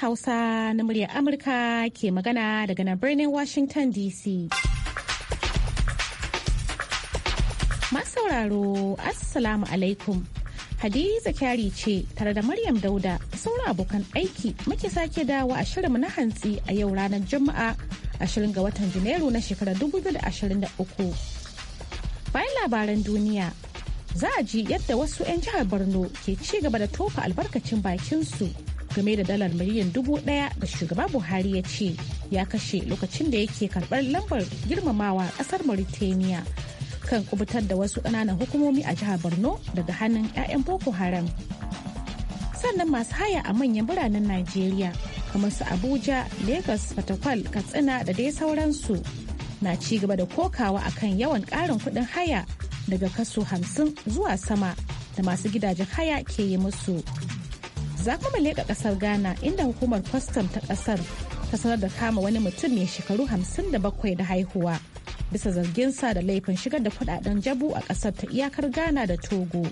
Hausa na muryar Amurka ke magana daga na birnin Washington DC. sauraro Assalamu alaikum. Hadiza kyari ce tare da Maryam Dauda sauran abokan aiki muke sake dawa a shirinmu na hantsi a yau ranar Juma'a 20 ga watan Janairu na shekarar 2023. Bayan labaran duniya, za a ji yadda wasu 'yan jihar Borno ke ci gaba da tofa albarkacin bakinsu game da dalar miliyan dubu daya da shugaba buhari ya ce ya kashe lokacin da yake karbar lambar girmamawa kasar mauritania kan kubutar da wasu ƙananan hukumomi a jihar borno daga hannun 'ya'yan boko haram sannan masu haya a manyan biranen nigeria kamar su abuja lagos fatakwal katsina da dai sauransu na ci gaba da kokawa akan yawan ƙarin kuɗin haya daga kaso hamsin zuwa sama da masu gidajen haya ke yi musu za kuma leƙa ƙasar ghana inda hukumar kwastam ta ƙasar ta sanar da kama wani mutum mai shekaru 57 da haihuwa bisa zargin sa da laifin shigar da kudaden jabu a ƙasar ta iyakar ghana da togo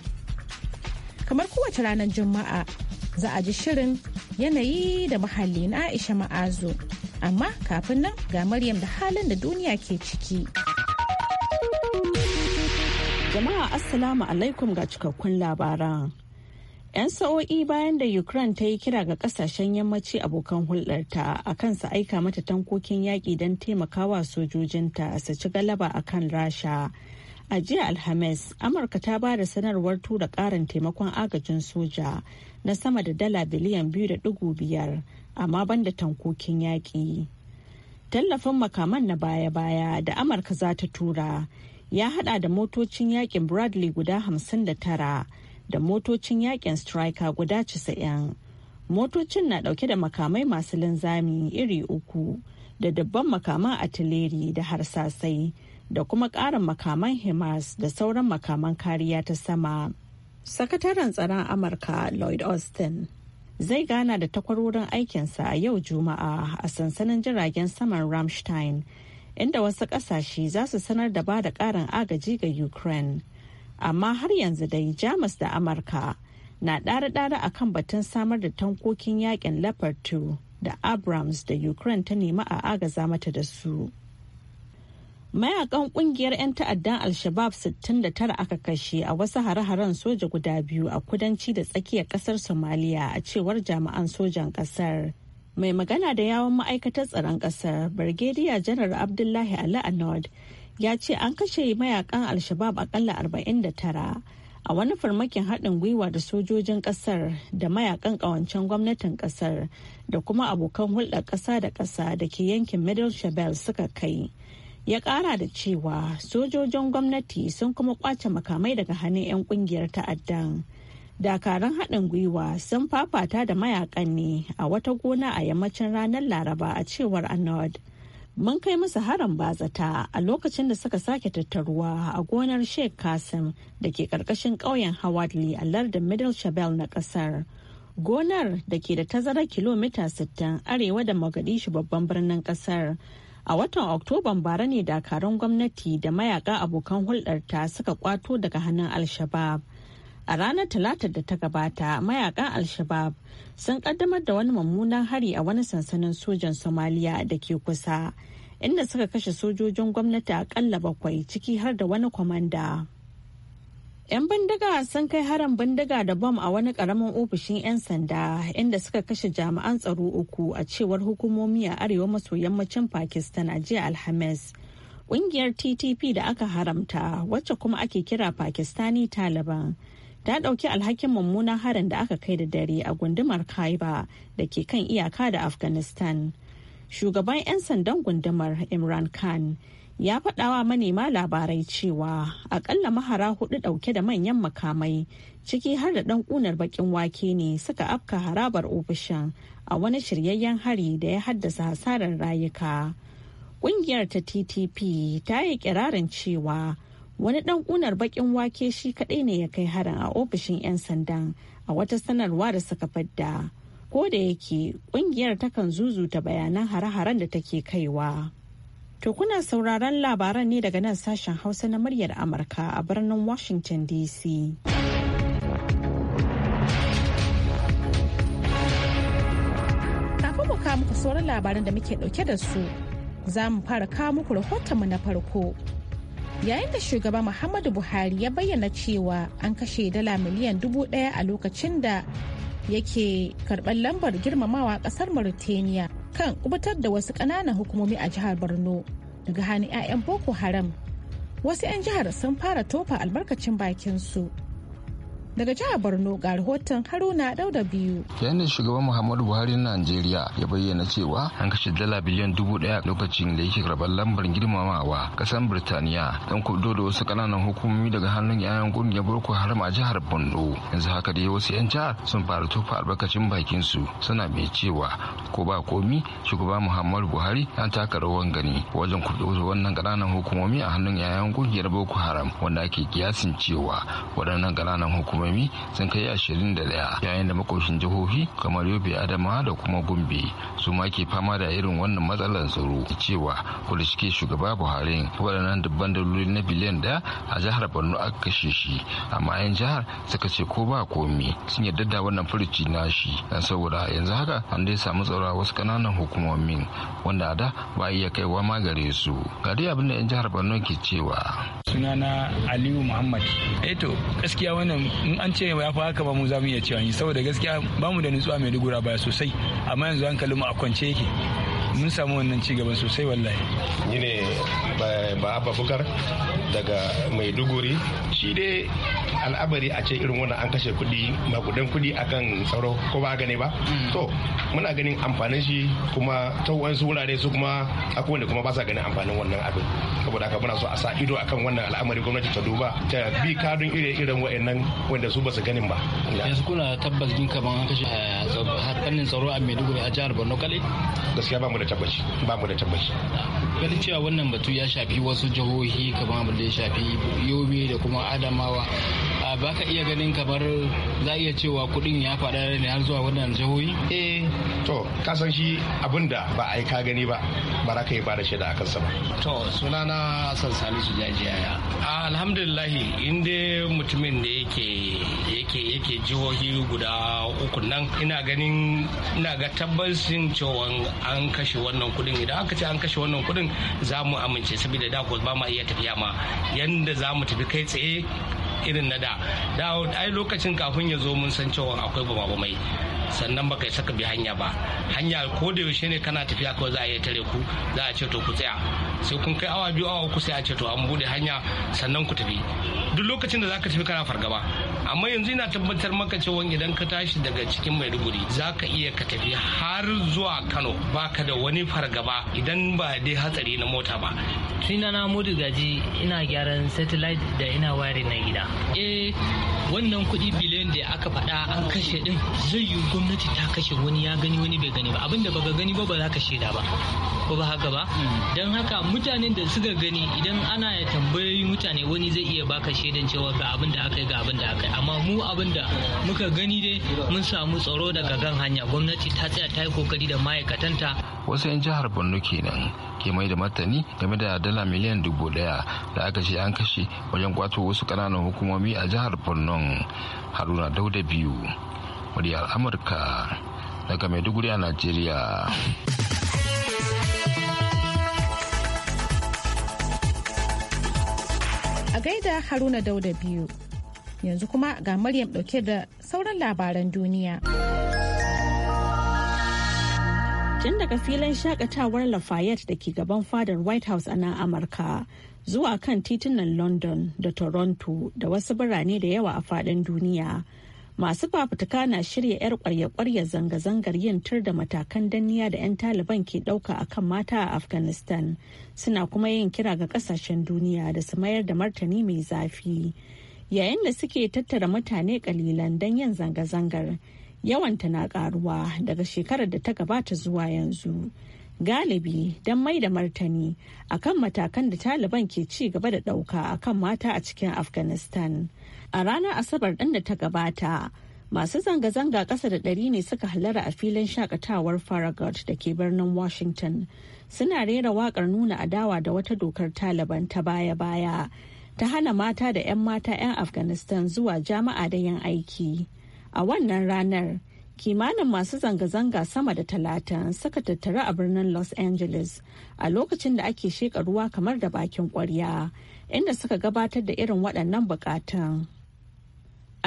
kamar kowace ranar juma'a za a ji shirin yanayi da muhalli na aisha ma'azu amma kafin nan ga maryam da halin da duniya ke ciki jama'a assalamu alaikum ga cikakkun labaran 'Yan sa'o'i bayan da Ukraine ta yi kira ga kasashen yammaci abokan hulɗarta a kan su aika mata tankokin yaƙi don taimakawa sojojinta su ci galaba a kan Rasha. A jiya Alhamis, Amurka ta ba da sanarwar tura ƙarin taimakon agajin soja na sama da dala biliyan biyu da ɗigo biyar, amma banda tankokin yaƙi. Tallafin makaman na baya-baya da Amurka za ta tura ya hada da motocin yaƙin Bradley guda hamsin da tara. da motocin yakin striker guda 90 motocin na dauke da makamai masu linzami iri uku da dabban makaman atileri da harsasai da kuma ƙarin makaman himas da sauran makaman kariya ta sama sakataren tsaron amurka lloyd austin zai gana da takwarorin aikinsa a yau juma'a a sansanin jiragen saman ramstein inda wasu ƙasashe za su sanar da ba da ƙarin agaji ga ukraine amma har yanzu dai jamus da amurka na ɗare-ɗare a kan batun samar da tankokin yakin leopard 2 da abrams da ukraine ta nema a agaza mata da su mayakan kungiyar 'yan ta'addan al-shabab 69 aka kashe a wasu hare-haren soja guda biyu a kudanci da tsakiyar kasar somalia a cewar jami'an sojan kasar mai magana da yawon ma'aikatar tsaron kasar brigadier janar abdullahi ali anod ya ce an kashe mayakan alshabab akalla 49 a wani farmakin haɗin gwiwa da sojojin ƙasar da mayakan ƙawancen gwamnatin ƙasar da kuma abokan hulɗar ƙasa da ƙasa da ke yankin middle shabelle suka kai ya ƙara da cewa sojojin gwamnati sun kuma ƙwace makamai daga hannun 'yan ƙungiyar ta'addan dakaran haɗin gwiwa sun fafata da mayakan ne a wata gona a yammacin ranar laraba a cewar anod mun kai musu harin bazata a lokacin da suka sake tattaruwa a gonar sheikh kasim da ke karkashin ƙauyen hawadli a lardin middle shabelle na ƙasar gonar da ke da tazara kilomita 60 arewa da mogadishu babban birnin ƙasar a watan oktoban bara ne dakarun gwamnati da mayaka abokan hulɗarta suka kwato daga hannun al-shabab a ranar talatar da ta gabata mayakan al-shabab sun kaddamar da wani mummunan hari a wani sansanin sojan somaliya da ke kusa inda suka kashe sojojin gwamnati akalla bakwai ciki har da wani kwamanda. 'Yan bindiga sun kai harin bindiga da bom a wani karamin ofishin 'yan sanda inda suka kashe jami'an tsaro uku a cewar hukumomi a arewa maso yammacin Pakistan a jiya Alhamis. Ƙungiyar TTP da aka haramta wacce kuma ake kira Pakistani Taliban ta ɗauki alhakin mummunan harin da aka kai da dare a gundumar kaiba da ke kan iyaka da afghanistan shugaban 'yan sandan gundumar imran khan ya faɗawa manema labarai cewa akalla mahara hudu ɗauke da manyan makamai ciki har da ɗan ƙunar baƙin wake ne suka afka harabar ofishin a wani shiryayyen hari da ya haddasa hasarar rayuka ƙungiyar ta ttp ta yi kirarin cewa wani dan kunar bakin wake shi kadai ne ya kai harin a ofishin 'yan sandan a wata sanarwa da suka fadda ko da yake kungiyar takan zuzuta bayanan hare-haren da take kaiwa to kuna sauraron labaran ne daga nan sashen hausa na muryar amurka a birnin washington dc kafin mu kawo muku sauran labaran da muke dauke da su za mu fara kawo muku mu na farko yayin da shugaba muhammadu buhari ya bayyana cewa an kashe dala miliyan dubu daya a lokacin da yake karɓar lambar girmamawa ƙasar mauritania kan kubutar da wasu ƙananan hukumomi a jihar borno daga hannun 'ya'yan boko haram wasu 'yan jihar sun fara tofa albarkacin bakinsu Daga jihar Borno ga rahoton Haruna Dauda biyu. Yayin da shugaban Muhammadu Buhari na Najeriya ya bayyana cewa an kashe dala biliyan dubu daya lokacin da yake karɓar lambar girmamawa kasan Birtaniya don kudo da wasu kananan hukumomi daga hannun 'ya'yan kungiyar Boko Haram a jihar Borno. Yanzu haka dai wasu 'yan jihar sun fara tufa albarkacin bakin su suna mai cewa ko ba komi shugaba Muhammadu Buhari ya taka rawan gani wajen kudo da wannan ƙananan hukumomi a hannun 'ya'yan kungiyar Boko Haram wanda ake kiyasin cewa waɗannan ƙananan hukumomi Raimi sun kai 21 yayin da makoshin jihohi kamar Yobe Adama da kuma Gombe su ma ke fama da irin wannan matsalar tsaro cewa kuda shike shugaba Buhari waɗannan dubban daloli na biliyan da a jihar Borno aka kashe shi amma 'yan jihar suka ce ko ba komi sun yarda da wannan furuci na dan saboda yanzu haka an dai samu tsaro a wasu kananan hukumomin wanda a da ba iya kaiwa ma gare su ga dai abin da 'yan jihar Borno ke cewa sunana Aliyu Muhammad eh to gaskiya wannan an ce ya fi haka ba mu za iya cewa ni saboda gaskiya ba mu da nutsuwa mai dugura baya sosai amma yanzu mu a kwance yake mun samu wannan cigaban sosai wallahi ni ne ba bukar daga maiduguri shi dai al'abari a ce irin wannan an kashe kuɗi makudan kuɗi akan tsaro ko ba gane ba mm. to muna ganin amfanin shi kuma ta wasu wurare su kuma akwai kuma ba sa ganin amfanin wannan abin saboda haka muna so a sa ido akan wannan al'amari gwamnati ta duba ta bi kadun ire irin wa'annan wanda su ba su ganin ba yanzu kuna tabbas din kaman an kashe eh, fannin tsaro a Maiduguri a jihar Borno kale gaskiya ba mu da tabbaci ba mu da tabbaci gani cewa wannan batu ya shafi wasu jihohi kaman abin da ya shafi yobe da kuma adamawa ba ka iya ganin kamar za iya cewa kuɗin ya faɗa ne har zuwa wannan jihohi? Eh, to, kasan shi abinda ba a yi ka gani ba, ba za ka yi ba da shaida a kansa ba. To, sunana Hassan Salisu Jajiyaya. Alhamdulillahi, inda mutumin da yake yake yake jihohi guda uku nan ina ganin ina ga tabbacin cewa an kashe wannan kuɗin idan aka ce an kashe wannan kuɗin za mu amince saboda da ba ma iya tafiya ma yanda za mu tafi kai tsaye irin na da da ai lokacin kafin ya zo mun san cewa akwai mai sannan baka yi saka bi hanya ba hanya ko da yaushe ne kana tafiya kawai za a yi tare ku za a ce to ku tsaya sai kun kai awa biyu awa uku sai a ce to an bude hanya sannan ku tafi duk lokacin da za ka tafi kana fargaba amma yanzu ina tabbatar maka cewa idan ka tashi daga cikin maiduguri za ka iya ka tafi har zuwa kano ba ka da wani fargaba idan ba dai hatsari na mota ba tunda na mudu gaji ina gyaran satellite da ina ware na gida eh wannan kuɗi biliyan da aka faɗa an kashe din zai yi gwamnati ta kashe wani ya gani wani bai gani ba abinda ga gani ba ba za ka shaida ba ko ba haka ba mm. don haka mutanen da suka gani idan ana ya tambayoyi mutane wani zai iya baka shaidan cewa ga abin da aka yi ga abin da aka yi amma mu abin da muka gani dai mun samu tsaro daga gan hanya gwamnati ta tsaya ta yi kokari da ma'aikatanta wasu 'yan jihar borno kenan ke mai da martani game da dala miliyan dubu daya da aka ce an kashe wajen kwato wasu kananan hukumomi a jihar borno haruna dauda biyu muryar amurka daga maiduguri a najeriya A gaida Haruna Dauda biyu. Yanzu kuma ga Maryam ɗauke da sauran labaran duniya. Tun daga filin shakatawar Lafayette da ke gaban fadar White House a nan Amurka zuwa kan titunan London da Toronto da wasu birane da yawa a fadin duniya. masu fafutuka na shirya 'yar kwarya-kwarya zanga-zangar yin tur da matakan danniya da 'yan taliban ke ɗauka kan mata a afghanistan suna kuma yin kira ga ƙasashen duniya da su mayar da martani mai zafi yayin da suke tattara mutane kalilan don yin zanga-zangar yawanta na karuwa daga shekarar da ta gabata zuwa yanzu galibi don mai da martani akan matakan da taliban ke ci gaba da ɗauka akan mata a cikin afghanistan a ranar asabar ɗin da ta gabata masu zanga-zanga ƙasa da ɗari ne suka halara a filin shakatawar farragut da ke birnin washington suna rera waƙar nuna adawa da wata dokar taliban ta baya-baya ta hana mata da 'yan mata 'yan afghanistan zuwa jama'a da yin aiki a wannan ranar kimanin masu zanga-zanga sama da talatin suka tattara a birnin los angeles a lokacin da ake shekaruwa ruwa kamar da bakin kwarya inda suka gabatar da irin waɗannan bukatan.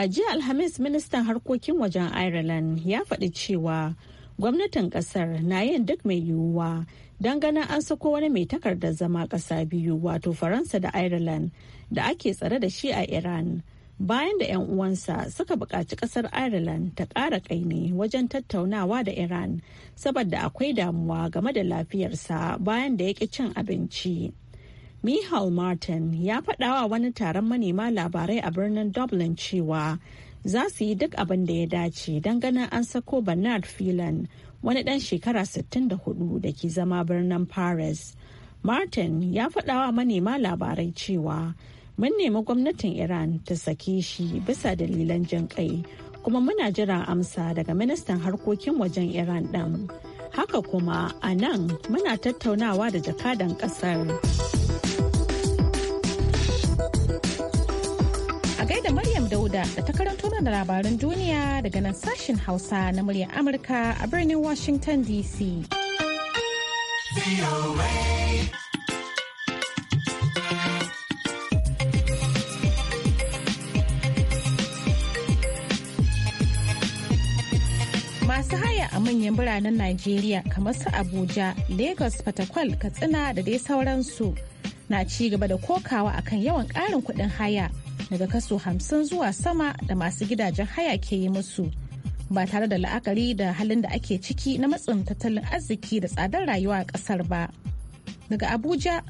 A jiya Alhamis ministan harkokin wajen Ireland ya faɗi cewa gwamnatin ƙasar na yin duk mai yiwuwa don ganin an sako wani mai takarda zama ƙasa biyu wato Faransa da Ireland da ake tsare da shi a Iran. Bayan da 'yan uwansa suka buƙaci ƙasar Ireland ta ƙara ƙaini wajen tattaunawa da Iran saboda akwai damuwa game da lafiyarsa bayan da ya ƙi cin abinci. Michael Martin ya faɗawa wani taron manema labarai a birnin Dublin cewa za su yi duk abin da ya dace don ganin an sako Bernard Phelan wani ɗan shekara 64 da ke zama birnin Paris. Martin ya faɗawa manema labarai cewa mun nemi gwamnatin Iran ta sake shi bisa dalilan jin kai kuma muna jira amsa daga ministan harkokin wajen Iran ɗan. Haka kuma a nan muna tattaunawa da jakadan ƙasar. A gaida Maryam Dauda da ta karanto mana labaran duniya daga nan sashen Hausa na muryar Amurka a birnin Washington DC. manyan biranen Najeriya kamar su Abuja, Lagos, Fatakwal, Katsina da dai sauransu na ci gaba da kokawa akan yawan ƙarin kuɗin haya daga kaso hamsin zuwa sama da masu gidajen haya ke yi musu. Ba tare da la'akari da halin da ake ciki na matsin tattalin arziki da tsadar rayuwa a ƙasar ba. Daga Abuja,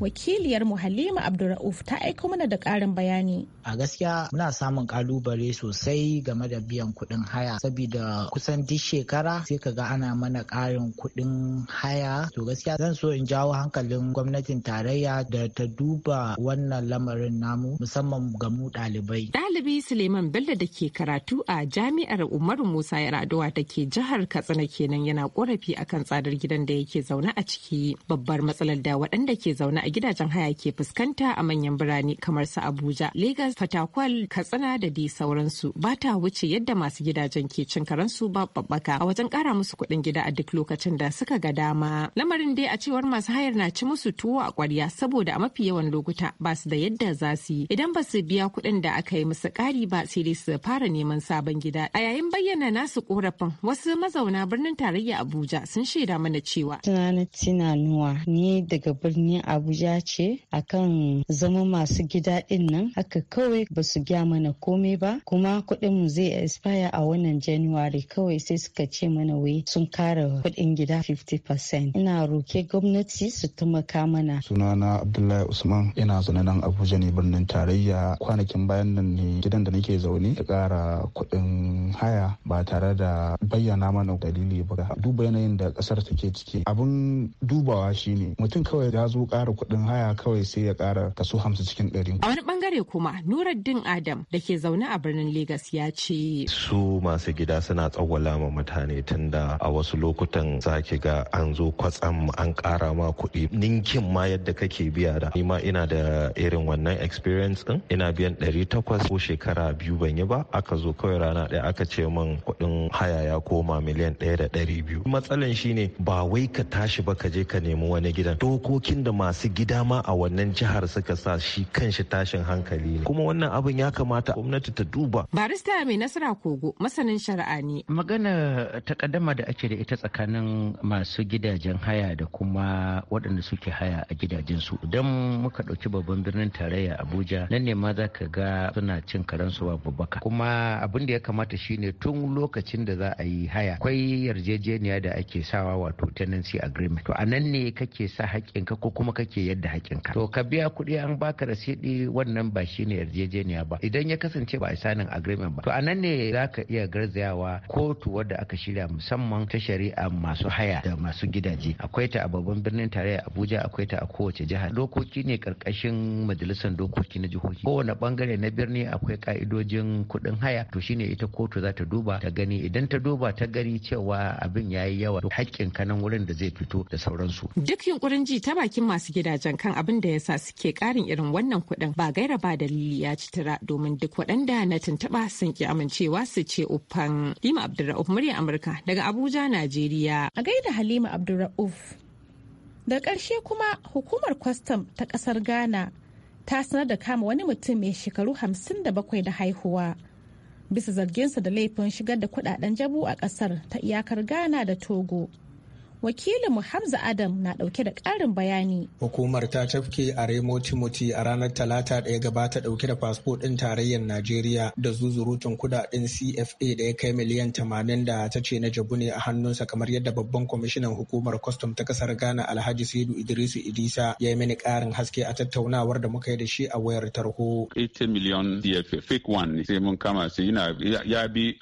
wakiliyar mu halima abdurrauf ta aiko mana da karin bayani a gaskiya muna samun kalubale sosai game da biyan kuɗin haya saboda kusan duk shekara sai ka ga ana mana karin kuɗin haya to gaskiya zan so in jawo hankalin gwamnatin tarayya da ta duba wannan lamarin namu musamman ga mu ɗalibai Dalibi suleiman bello da ke karatu a jami'ar umaru musa yaraduwa da ke jihar katsina kenan yana korafi akan tsadar gidan da yake zaune a ciki babbar matsalar da waɗanda ke zaune a gidajen haya ke fuskanta a manyan birane kamar su Abuja, Legas, Fatakwal, Katsina da dai sauransu ba ta wuce yadda masu gidajen ke cin karansu ba babbaka a wajen kara musu kuɗin gida a duk lokacin da suka ga dama. Lamarin dai a cewar masu hayar na ci musu tuwo a ƙwarya saboda a mafi yawan lokuta ba su da yadda za su yi idan ba su biya kuɗin da aka yi musu ƙari ba sai dai su fara neman sabon gida. A yayin bayyana nasu korafin wasu mazauna birnin tarayya Abuja sun shaida mana cewa. tunanin Tina Nuwa ni daga birnin Abuja ja ce a kan zama masu gida din nan haka kawai ba su gya mana komai ba kuma kuɗin mu zai expire a wannan january kawai sai suka ce mana wai sun kara kuɗin gida 50% ina roke gwamnati su taimaka mana sunana abdullahi usman ina zaune nan abuja ne birnin tarayya kwanakin bayan nan ne gidan da nake zaune ya kara kuɗin haya ba tare da bayyana mana dalili ba duba yanayin da ƙasar take ciki Abun dubawa shine mutum kawai ya zo ƙara kuɗin kuɗin haya kawai sai ya kara kaso hamsin cikin ɗari. A wani ɓangare kuma din Adam da ke zaune a birnin Legas ya ce. Su masu gida suna tsawwala ma mutane tunda a wasu lokutan zaki ga an zo kwatsam an ƙara ma kuɗi ninkin ma yadda kake biya da. Ni ma ina da irin wannan experience ɗin ina biyan ɗari takwas ko shekara biyu ban yi ba aka zo kawai rana ɗaya aka ce min kuɗin haya ya koma miliyan ɗaya da ɗari biyu. Matsalan shine ba wai ka tashi ba ka je ka nemi wani gidan dokokin da masu gida ma a wannan jihar suka sa shi kanshi tashin hankali ne kuma wannan abin ya kamata gwamnati ta duba barista mai nasara kogo masanin shari'a ne magana ta kaddama da ake da ita tsakanin masu gidajen haya da kuma waɗanda suke haya a gidajen su. idan muka ɗauki babban birnin tarayya abuja nan ne ma za ka ga suna cin karansu wa babbaka kuma abin da ya kamata shine tun lokacin da za a yi haya akwai yarjejeniya da ake sawa wato tenancy agreement to a nan ne kake sa haƙƙinka ko kuma kake ce yadda hakinka to ka biya kuɗi an baka rasidi wannan ba shine yarjejeniya ba idan ya kasance ba a sanin agreement ba to anan ne za ka iya garzayawa kotu wadda aka shirya musamman ta shari'a masu haya da masu gidaje akwai ta a babban birnin tarayya abuja akwai ta a kowace jiha dokoki ne karkashin majalisar dokoki na jihohi kowane bangare na birni akwai ka'idojin kuɗin haya to shine ita kotu za ta duba ta gani idan ta duba ta gani cewa abin ya yi yawa haƙƙin kanan wurin da zai fito da sauransu duk yunkurin ji ta bakin masu gida gidajen kan abin da ya sa suke karin irin wannan kuɗin ba gaira ba dalili ya ci tara. domin duk waɗanda na tuntuɓa sun ki amincewa su ce uffan. Halima Abdulra'uf murya Amurka daga Abuja, Najeriya. A gaida Halima Abdulra'uf. Da ƙarshe kuma hukumar kwastam ta ƙasar Ghana ta sanar da kama wani mutum mai shekaru hamsin da bakwai da haihuwa. Bisa zarginsa da laifin shigar da kudaden jabu a ƙasar ta iyakar Ghana da Togo. wakilinmu hamza adam na dauke da karin bayani hukumar ta tafke a remo timothy a ranar talata daya gabata dauke da fasfo din tarayyar najeriya da zuzurutun kudaden cfa da ya kai miliyan tamanin da ta ce na jabu ne a hannunsa kamar yadda babban kwamishinan hukumar kwastam ta kasar ghana alhaji saidu idrisu idisa ya yi mini karin haske a tattaunawar da muka yi da shi a wayar tarho 80 miliyon cfa fake one sai mun kama sai yana ya bi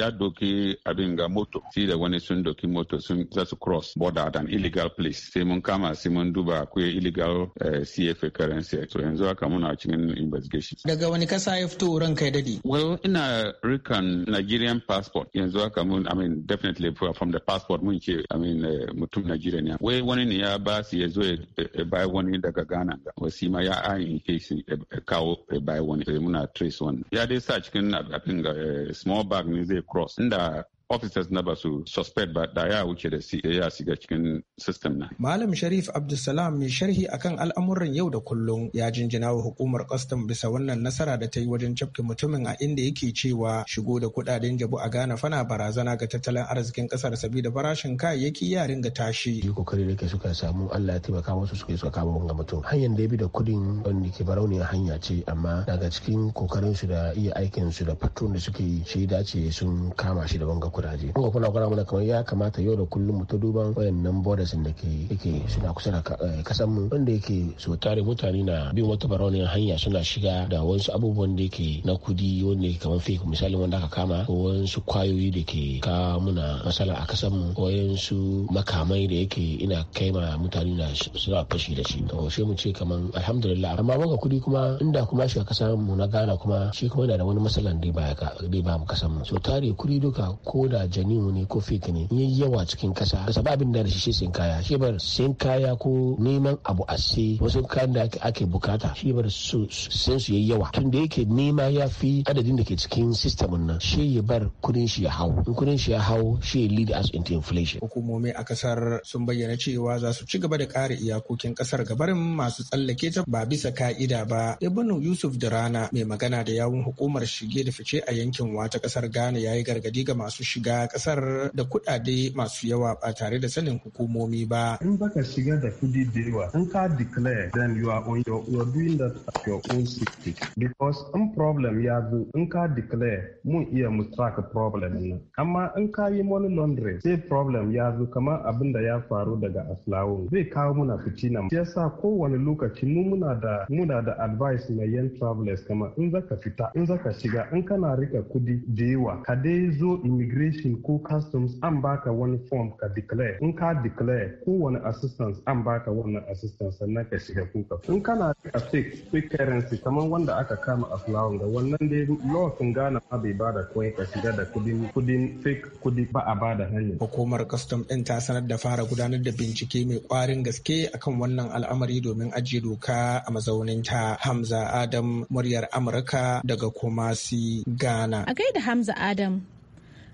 ya doki abin ga moto sai da wani sun doki moto sun za su cross border at an illegal place sai mun kama sai mun duba akwai illegal eh, CFA currency to yanzu haka muna cikin investigation. Daga wani kasa ya fito ran kai dadi? Well ina rikan Nigerian passport yanzu haka mun I mean definitely from the passport mun ce I mean eh, mutum Nigerian ne. Wai wani ne ya ba su ya zo ya bai wani daga Ghana ga wasu ma ya ayin kesi kawo ya bai wani eh, muna trace wani. Ya dai sa cikin abin ga small bag ne zai cross inda officers na ba su suspect ba da ya wuce da ya shiga cikin system na. Malam Sharif Abdulsalam mai sharhi akan al'amuran yau da kullum ya jinjina wa hukumar custom bisa wannan nasara da ta yi wajen cafke mutumin a inda yake cewa shigo da kudaden jabu a Ghana fana barazana ga tattalin arzikin kasar sabida farashin kayayyaki ya ringa tashi. Yi kokari da suka samu Allah ya taimaka musu suka suka kama wanga mutum. Hanyar da bi da kudin wanda ke barauniyar hanya ce amma daga cikin kokarin su da iya aikin su da patron da suke yi shi dace sun kama shi da wanga kuraje kuma kuna gwada mana kamar ya kamata yau da kullum mu ta duban wayannan borders da ke yake suna kusa da eh, kasan mu wanda yake so tare mutane na bin wata barauniyar hanya suna shiga da wasu abubuwan da yake na kudi wanda yake kamar fake misali wanda aka kama ko wasu kwayoyi da ke ka muna masala a kasan mu ko wasu makamai da yake ina kai ma mutane na suna fashi da shi to sai mu ce kamar alhamdulillah amma baka kudi kuma inda kuma shiga kasan mu na gana kuma shi kuma yana da wani matsalan da ba ka ba mu kasan mu so tare kudi duka ko da janiu ne ko fake ne yayi yawa cikin kasa kasa ba abin da shi sin kaya shi bar sin kaya ko neman abu a sai wasu kayan da ake bukata shi bar su su yayi yawa tun da yake nema ya fi adadin da ke cikin system nan shi ya bar kudin shi ya hau in kudin shi ya hau shi ya lead us into inflation hukumomi a kasar sun bayyana cewa za su ci gaba da kare iyakokin kasar gabarin masu tsallake ta ba bisa ka'ida ba ibnu yusuf da rana mai magana da yawun hukumar shige da fice a yankin wata kasar ghana ya yi gargadi ga masu shi shiga kasar da kuɗaɗe masu yawa ba tare da sanin hukumomi ba. In baka shiga da kudi da yawa, in ka declare then you are on your, you are doing that at your own safety. Because in problem ya zo, in ka declare mun iya mu track problem nan. Amma in ka yi money laundering sai problem ya zo kamar abin da ya faru daga Aslawo zai kawo muna fitina. Shi yasa kowane lokaci mu muna da muna da advice na yan travelers kamar in zaka fita, in zaka shiga, in kana rika kudi da yawa, ka dai zo immigration immigration ko customs an baka wani form ka declare in ka declare kowane assistance an baka wannan assistance sannan ka shiga kuka in kana a fix quick currency kamar wanda aka kama a flower ga wannan dai law sun gana ma bai bada koi ka shiga da kudin kudin fake kudi ba a bada hanyar hukumar custom din ta sanar da fara gudanar da bincike mai kwarin gaske akan wannan al'amari domin ajiye doka a mazaunin ta Hamza Adam muryar Amurka daga Kumasi Ghana a gaida Hamza Adam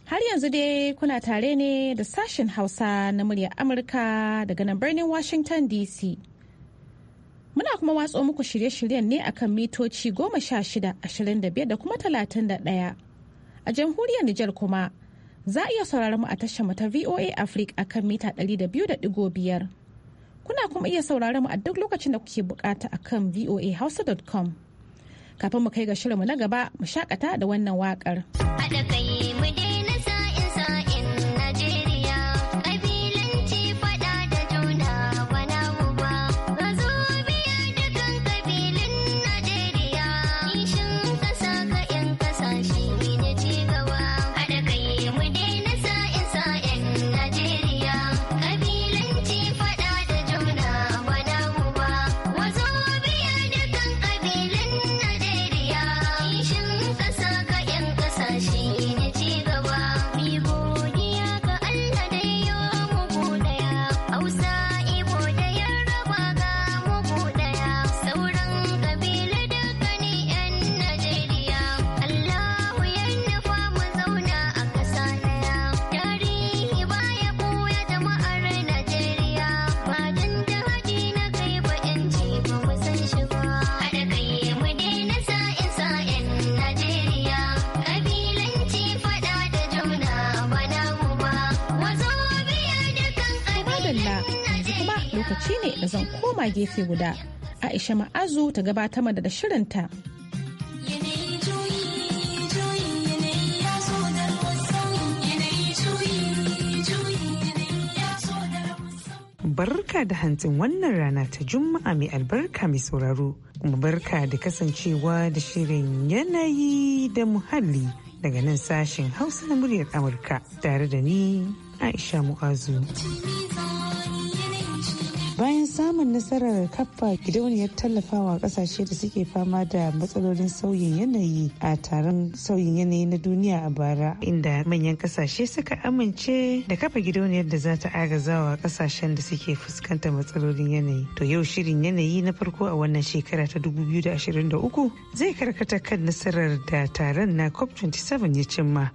Har yanzu dai kuna tare ne da sashen Hausa na muryar Amurka daga nan birnin Washington DC. Muna kuma watso muku shirye-shiryen ne akan mitoci goma shida, da kuma talatin da ɗaya. A jamhuriyar Nijar kuma za a iya sauraron mu a tashar mu ta VOA Africa akan mita ɗari da biyu da ɗigo biyar. Kuna kuma iya sauraron mu a duk lokacin da kuke bukata akan Hausa.com. Kafin mu kai ga shirinmu na gaba mu shakata da wannan waƙar. Haɗa kai gefe guda aisha ma'azu ta gabata gabatar da shirinta barka da hantsin wannan rana ta juma'a mai albarka mai sauraro kuma barka da kasancewa da shirin yanayi da muhalli daga nan sashen hausa na muryar amurka tare da ni aisha mu'azu. bayan samun nasarar kafa gidauniyar tallafawa kasashe da suke fama da matsalolin sauyin yanayi a taron sauyin yanayi na duniya a bara inda manyan kasashe suka amince da kafa gidauniyar da za ta agazawa kasashen da suke fuskanta matsalolin yanayi to yau shirin yanayi na farko a wannan shekara ta 2023 zai karkata kan nasarar da taron na cop 27 ya cimma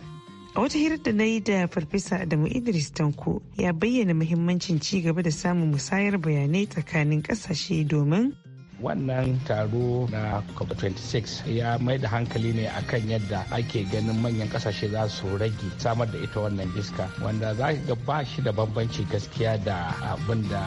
A wata hirar da na yi da Farfesa Adamu Idris Tanko ya bayyana muhimmancin ci gaba da samun musayar bayanai tsakanin kasashe domin wannan taro na cop 26 ya mai da hankali ne akan yadda ake ganin manyan kasashe za su rage samar da ita wannan iska wanda za ga ba shi da bambanci gaskiya da abin da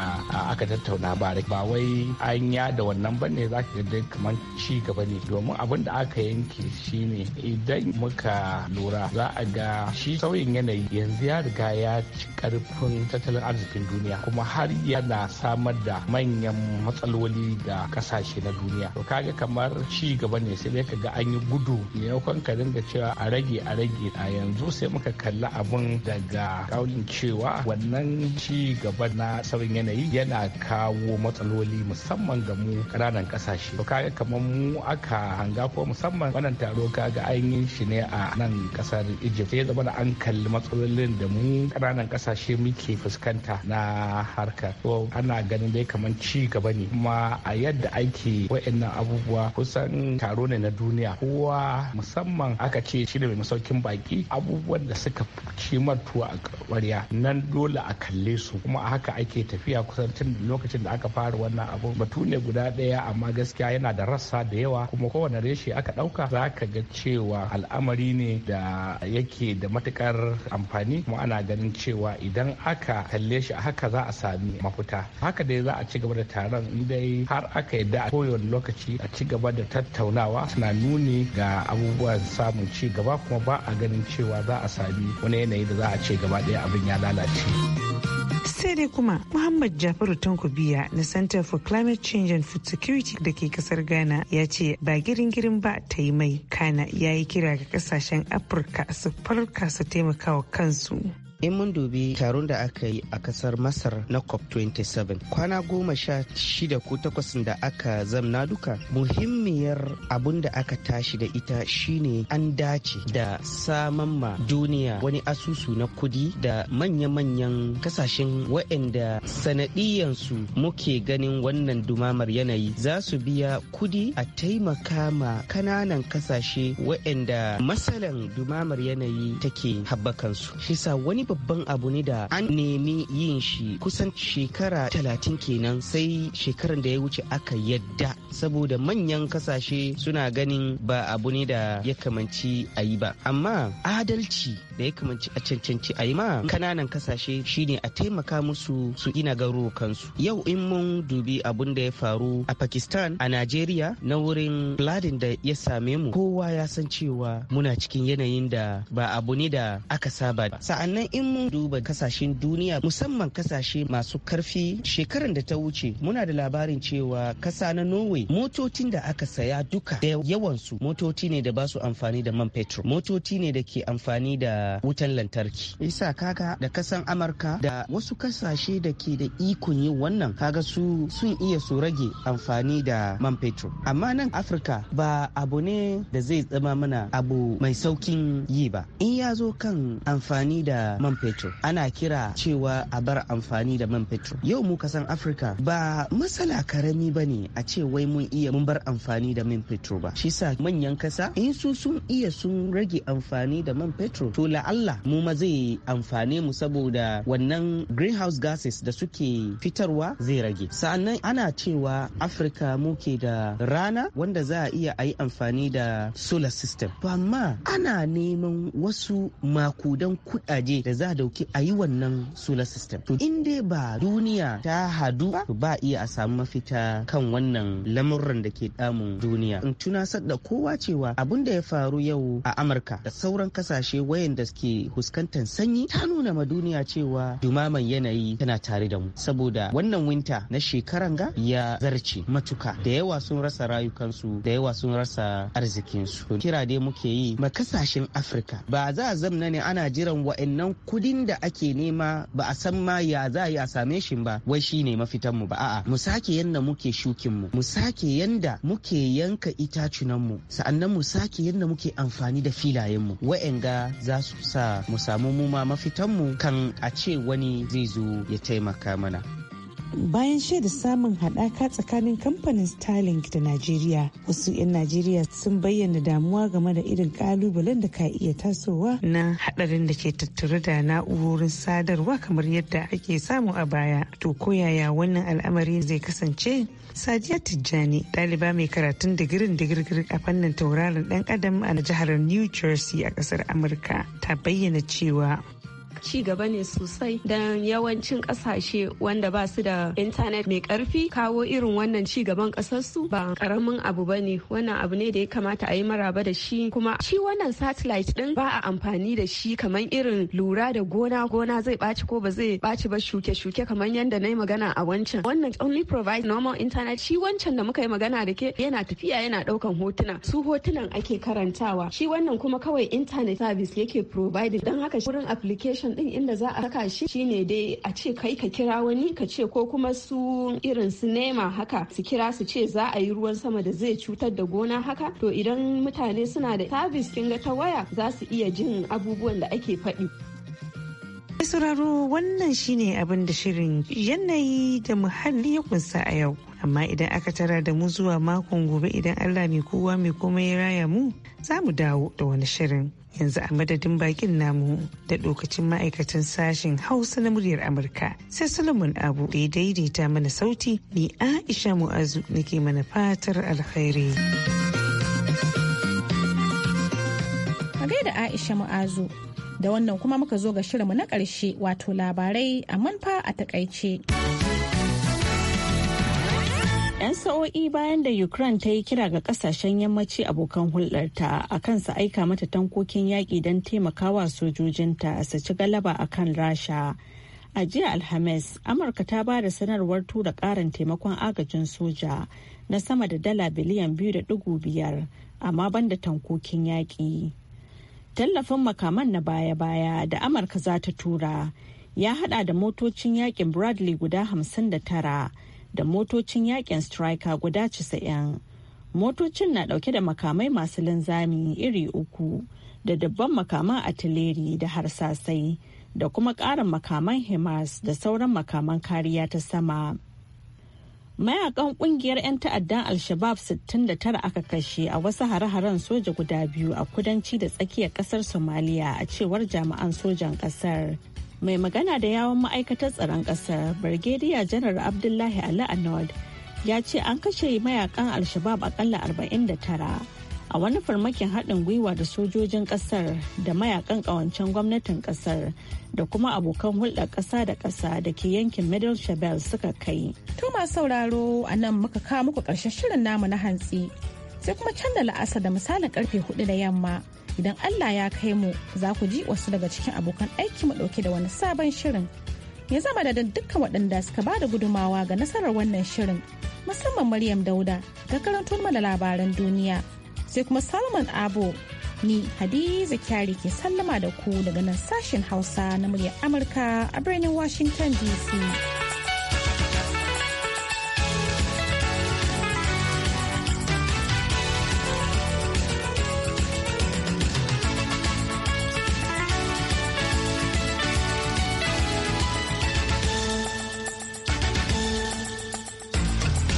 aka tattauna ba ba wai an ya da wannan ne za ka ga kamar ci gaba ne domin abin da aka yanke shine idan muka lura za a ga shi sauyin yanayi yanzu ya riga ya ci karfin tattalin arzikin duniya kuma har yana samar da manyan matsaloli da kasashe na duniya to kaga kamar ci gaba ne sai ka ga an yi gudu ya ka dinga cewa a rage a rage a yanzu sai muka kalli abun daga kaulin cewa wannan ci gaba na sauyin yanayi yana kawo matsaloli musamman ga mu kananan kasashe to kaga kamar mu aka hanga ko musamman wannan taro kaga an yi shi ne a nan kasar Egypt sai zama an kalli matsalolin da mu kananan kasashe muke fuskanta na harka to ana ganin dai kamar ci gaba ne kuma a yadda ake wa'annan abubuwa kusan taro ne na duniya kowa musamman aka ce shi ne mai masaukin baki abubuwan da suka ci martuwa a ƙwarya nan dole a kalle su kuma a haka ake tafiya kusan tun lokacin da aka fara wannan abu batu ne guda ɗaya amma gaskiya yana da rassa da yawa kuma kowane reshe aka ɗauka za ka ga cewa al'amari ne da yake da matukar amfani kuma ana ganin cewa idan aka kalle shi a haka za a sami mafuta haka dai za a ci gaba da taron in dai har aka yi yadda a kowane lokaci a ci gaba da tattaunawa suna nuni ga abubuwan samun ci gaba kuma ba a ganin cewa za a sami wani yanayi da za a ce gaba ɗaya abin ya lalace. sai dai kuma muhammad jafaru biya na center for climate change and food security da ke kasar ghana ya ce ba girin-girin ba ta yi mai kana ya yi kira ga kasashen afirka su farka su taimaka wa kansu in mun dubi taron da aka yi a kasar masar na cop 27 kwana goma sha shida ko takwas da aka zamna duka muhimmiyar abun da aka tashi da ita shine an dace da saman ma duniya wani asusu na kudi da manya-manyan kasashen wa'anda sanadiyansu muke ganin wannan dumamar yanayi za su biya kudi a taimaka ma kananan kasashe wayanda matsalan dumamar yanayi take haɓakansu shi wani babban abu ne da an nemi yin shi kusan shekara talatin kenan sai shekaran da ya wuce aka yadda saboda manyan kasashe suna ganin ba abu ne da ya kamanci a yi ba amma adalci da ya kamanci a cancanci a yi ma kananan kasashe shine a taimaka musu su ina garo kansu yau in mun dubi abun da ya faru a pakistan a najeriya na wurin ladin da ya same mu kowa ya san cewa muna cikin yanayin da ba abu ne da aka saba sa'annan in in mun duba kasashen duniya musamman kasashe masu karfi shekaran da ta wuce muna da labarin cewa kasa na norway motocin da aka saya duka da yawansu motoci ne da ba su amfani da man petrol. motoci ne da ke amfani da wutan lantarki isa kaka da kasan amurka da wasu kasashe da ke da ikon yin wannan kaga su sun iya su rage amfani da man petrol. amma nan afirka ba abu ne da zai zama mana abu mai saukin yi ba in ya zo kan amfani da man fetur ana kira cewa a bar amfani da man fetur yau mu kasan afirka ba matsala karami ba ne a ce wai mun iya mun bar amfani da man fetur ba shi sa manyan kasa in su sun iya sun rage amfani da man fetur to la'alla mu ma zai amfane mu saboda wannan greenhouse gases da suke fitarwa zai rage sa'annan ana cewa afirka muke da rana wanda za a iya a yi amfani da solar system amma ana neman wasu makudan kudaje da za a dauki a yi wannan solar system to in dai ba duniya ta hadu ba ba iya a samu mafita kan wannan lamurran da ke damun duniya in tunasar da kowa cewa abin da ya faru yau a amurka da sauran kasashe wayan da suke huskantar sanyi ta nuna ma duniya cewa dumaman yanayi tana tare da mu saboda wannan winter na shekaran ga ya zarce matuka da yawa sun rasa rayukansu da yawa sun rasa arzikinsu kira dai muke yi ma kasashen afirka ba za a zamna ne ana jiran wa'annan kudin da ake nema ba a san ma ya za a same shi ba wai shi ne mafitan mu ba a'a mu sake yanda muke shukin mu mu sake yanda muke yanka itacunan mu sa'annan mu sake yanda muke amfani da filayen mu wa'anga za su sa mu samu mu ma mafitan mu kan a ce wani zai zo ya taimaka mana bayan shaida samun haɗaka tsakanin kamfanin starlink da najeriya wasu 'yan najeriya sun bayyana damuwa game da irin kalubalen da ka iya tasowa na haɗarin da ke tattare da na'urorin sadarwa kamar yadda ake samu a baya to koyaya wannan al'amari zai kasance sadiya tijjani ɗaliba mai karatun digirin digirgir a fannin tauraron ɗan adam a jihar new jersey a ƙasar amurka ta bayyana cewa ci gaba ne sosai don yawancin kasashe wanda ba su da intanet mai karfi kawo irin wannan ci gaban kasarsu ba karamin abu ba ne wannan abu ne da ya kamata a yi maraba da shi kuma shi wannan satellite din ba a amfani da shi kamar irin lura da gona gona zai ɓaci ko ba zai ɓaci ba shuke-shuke kamar yadda na yi magana a wancan wannan only provide normal internet shi wancan da muka yi magana da ke yana tafiya yana ɗaukan hotuna su hotunan ake karantawa shi wannan kuma kawai internet service yake providing don haka wurin application din inda za a saka shi shine dai a ce kai ka kira wani ka ce ko kuma su irin su nema haka su kira su ce za a yi ruwan sama da zai cutar da gona haka to idan mutane suna da sabis kin ga ta waya za su iya jin abubuwan da ake faɗi. sauraro wannan shine abin da shirin yanayi da muhalli ya kunsa a yau amma idan aka tara da mu zuwa makon gobe idan allah mai kowa mai komai ya raya mu za mu dawo da wani shirin yanzu a madadin bakin namu da lokacin ma'aikatan sashen hausa na muryar amurka sai solomon abu da ya daidaita mana sauti ni aisha mu'azu nake mana fatar alkhairi da aisha mu'azu da wannan kuma muka zo ga shirinmu na ƙarshe wato labarai a manfa a takaice. 'yan sa'o'i bayan da ukraine ta yi kira ga kasashen yammaci abokan hulɗarta a kan su aika mata tankokin yaƙi don taimakawa sojojinta su ci galaba a kan rasha a jiya alhamis amurka ta ba da sanarwar tura ƙarin taimakon agajin soja na sama da dala biliyan biyu da ɗigo biyar amma banda tankokin yaƙi tallafin makaman na baya-baya da amurka za ta tura ya hada da motocin yaƙin bradley guda hamsin da tara da motocin yakin striker guda 90 motocin na dauke da makamai masu linzami iri uku da dabban makaman atileri da harsasai da kuma ƙarin makaman himas da sauran makaman kariya ta sama mayakan kungiyar 'yan ta'addan al-shabab 69 aka kashe a wasu hare-haren soja guda biyu a kudanci da tsakiyar kasar somaliya a cewar jami'an sojan kasar mai magana da yawon ma'aikatar tsaron ƙasar Brigadier janar abdullahi ali anod ya ce an kashe mayakan alshabab akalla 49 a wani farmakin haɗin gwiwa da sojojin ƙasar da mayakan ƙawancen gwamnatin ƙasar da kuma abokan hulɗar ƙasa da ƙasa da ke yankin middle shabelle suka kai. to masu sauraro a nan muka kawo muku ƙarshen shirin namu na hantsi sai kuma canza la'asa da misalin karfe 4 da yamma idan Allah ya kai mu za ku ji wasu daga cikin abokan aiki mu dauke da wani sabon shirin. Ya zama da dukkan waɗanda suka ba da gudumawa ga nasarar wannan shirin musamman Maryam Dauda ta karanto mana labaran duniya sai kuma Salman Abo ni Hadiza Kyari ke sallama da ku daga nan sashen Hausa na muryar Amurka a birnin Washington DC.